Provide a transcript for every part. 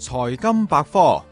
財經百科。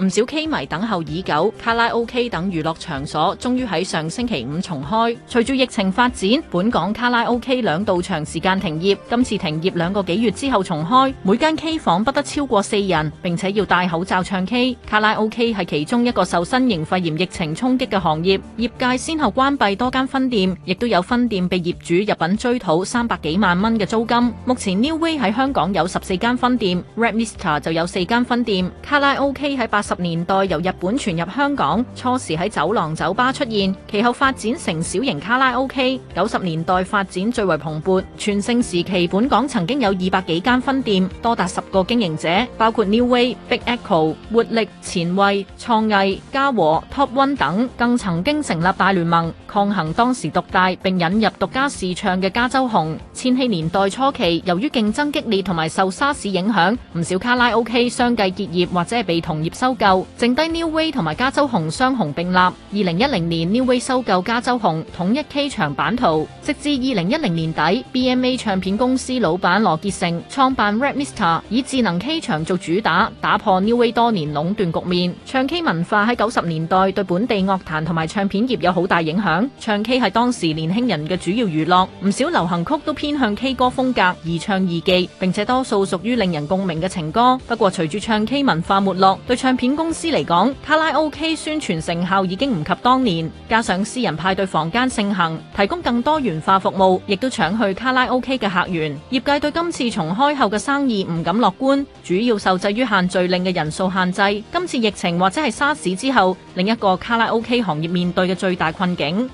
唔少 K 迷等候已久，卡拉 OK 等娛樂場所終於喺上星期五重開。隨住疫情發展，本港卡拉 OK 兩度長時間停業，今次停業兩個幾月之後重開，每間 K 房不得超過四人，並且要戴口罩唱 K。卡拉 OK 係其中一個受新型肺炎疫情衝擊嘅行業，業界先後關閉多間分店，亦都有分店被業主入稟追討三百幾萬蚊嘅租金。目前 Neway 喺香港有十四間分店，Red MR 就有四間分店，卡拉 OK 喺八十年代由日本傳入香港，初時喺酒廊酒吧出現，其後發展成小型卡拉 OK。九十年代發展最為蓬勃，全盛時期本港曾經有二百幾間分店，多達十個經營者，包括 New Way、Big Echo、活力、前衛、創藝、嘉和、Top One 等，更曾經成立大聯盟抗衡當時獨大，並引入獨家市場嘅加州紅。千禧年代初期，由於競爭激烈同埋受沙士影響，唔少卡拉 OK 相繼結業或者係被同業收購，剩低 Neway 同埋加州紅雙雄並立。二零一零年，Neway 收購加州紅，統一 K 場版圖。直至二零一零年底，BMA 唱片公司老闆羅傑成創辦 Red MR，以智能 K 場做主打，打破 Neway 多年壟斷局面。唱 K 文化喺九十年代對本地樂壇同埋唱片業有好大影響，唱 K 係當時年輕人嘅主要娛樂，唔少流行曲都偏。偏向 K 歌風格，易唱易記，並且多數屬於令人共鳴嘅情歌。不過，隨住唱 K 文化沒落，對唱片公司嚟講，卡拉 OK 宣傳成效已經唔及當年。加上私人派對房間盛行，提供更多元化服務，亦都搶去卡拉 OK 嘅客源。業界對今次重開後嘅生意唔敢樂觀，主要受制於限聚令嘅人數限制。今次疫情或者係沙士之後，另一個卡拉 OK 行業面對嘅最大困境。